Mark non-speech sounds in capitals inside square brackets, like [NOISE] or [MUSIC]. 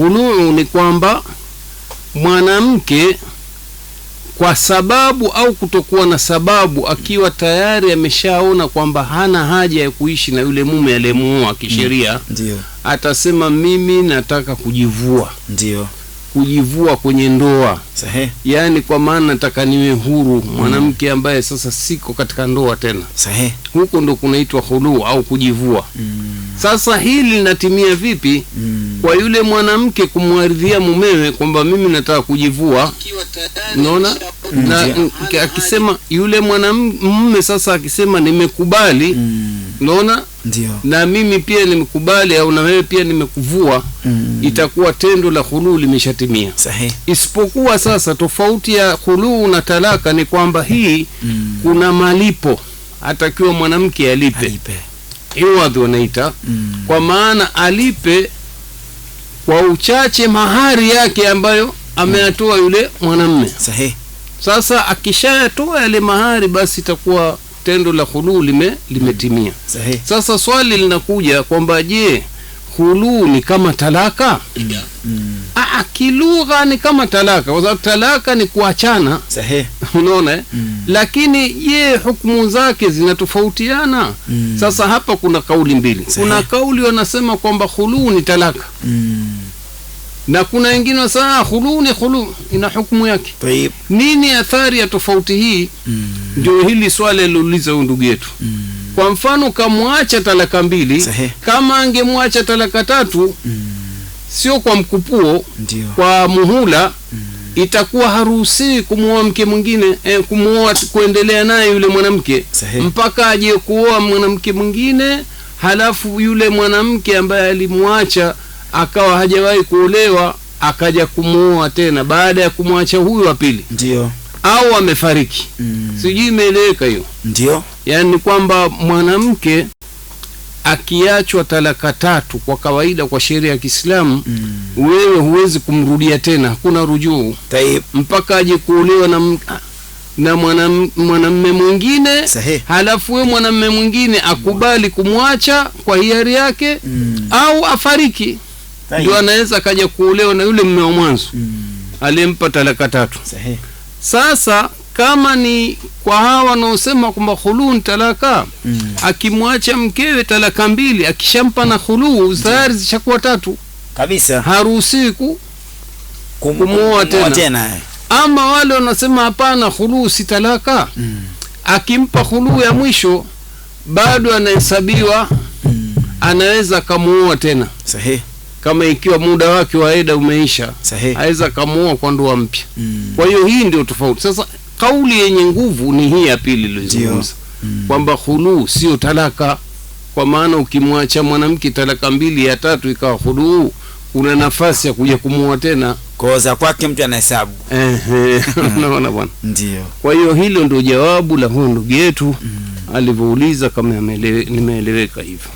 Huluu ni kwamba mwanamke kwa sababu au kutokuwa na sababu, akiwa tayari ameshaona kwamba hana haja ya kuishi na yule mume aliyemuoa kisheria, mm, ndio atasema mimi nataka kujivua, ndio kujivua kwenye ndoa Sahe. Yani kwa maana nataka niwe huru mm. mwanamke ambaye sasa siko katika ndoa tena Sahe huko ndo kunaitwa huluu au kujivua mm. Sasa hili linatimia vipi mm. kwa yule mwanamke kumwaridhia mumewe kwamba mimi nataka kujivua, naona na mm, akisema yule mwanamume sasa akisema nimekubali, mm. unaona mm. Ndiyo. na mimi pia nimekubali au na wewe pia nimekuvua mm. itakuwa tendo la khuluu limeshatimia. Isipokuwa sasa tofauti ya huluu na talaka ni kwamba hii mm. kuna malipo atakiwa mwanamke alipe, alipe. Iwadhi wanaita mm. Kwa maana alipe kwa uchache mahari yake ambayo ameatoa yule mwanamme. Sahihi. Sasa akishayatoa yale mahari, basi itakuwa tendo la huluu lime, limetimia. Mm. Sahe. Sasa swali linakuja kwamba je, huluu ni kama talaka? Mm. kilugha ni kama talaka, kwa sababu talaka ni kuachana. Sahihi unaona eh? mm. Lakini je, hukumu zake zinatofautiana mm. Sasa hapa kuna kauli mbili Zee. Kuna kauli wanasema kwamba khuluu ni talaka mm. na kuna wengine wasema ah, khuluu ni khuluu, ina hukumu yake Taip. Nini athari ya tofauti hii? Mm. Ndio mm. hili swali aliuliza huyu ndugu yetu mm. Kwa mfano kamwacha talaka mbili Sahe. Kama angemwacha talaka tatu mm. sio kwa mkupuo Ndiyo. Kwa muhula mm itakuwa haruhusiwi kumwoa mke mwingine eh, kumuoa kuendelea naye yule mwanamke mpaka aje kuoa mwanamke mwingine, halafu yule mwanamke ambaye alimwacha akawa hajawahi kuolewa akaja kumwoa tena baada ya kumwacha huyu wa pili, ndio au amefariki. Mm. Sijui imeeleweka hiyo? Ndio, yaani kwamba mwanamke akiachwa talaka tatu kwa kawaida, kwa sheria ya Kiislamu mm. wewe huwezi kumrudia tena, hakuna rujuu mpaka aje kuolewa na na mwanamme mwingine Halafu we mwanamme mwingine akubali kumwacha kwa hiari yake mm. au afariki, ndio anaweza akaja kuolewa na yule mme wa mwanzo mm. aliyempa talaka tatu Sahe. Sasa kama ni kwa hawa wanaosema kwamba khuluu talaka mm. akimwacha mkewe talaka mbili, akishampa na khuluu tayari zishakuwa tatu kabisa, haruhusiwi kumwoa tena. tena ama wale wanasema hapana, khuluu si talaka mm. akimpa khuluu ya mwisho bado anahesabiwa mm. anaweza akamuoa tena Sahi kama ikiwa muda wake wa eda umeisha, aweza kamuoa kwa ndoa mpya mm. Kwa hiyo hii ndio tofauti sasa kauli yenye nguvu ni hii ya pili iliyozungumza mm. kwamba khuluu sio talaka, kwa maana ukimwacha mwanamke talaka mbili ya tatu ikawa khuluu, una nafasi ya kuja kumuoa tena koza kwake mtu anahesabu. [LAUGHS] Unaona bwana, ndio. Kwa hiyo hilo ndio jawabu la huyo ndugu yetu mm. alivyouliza, kama nimeeleweka hivyo.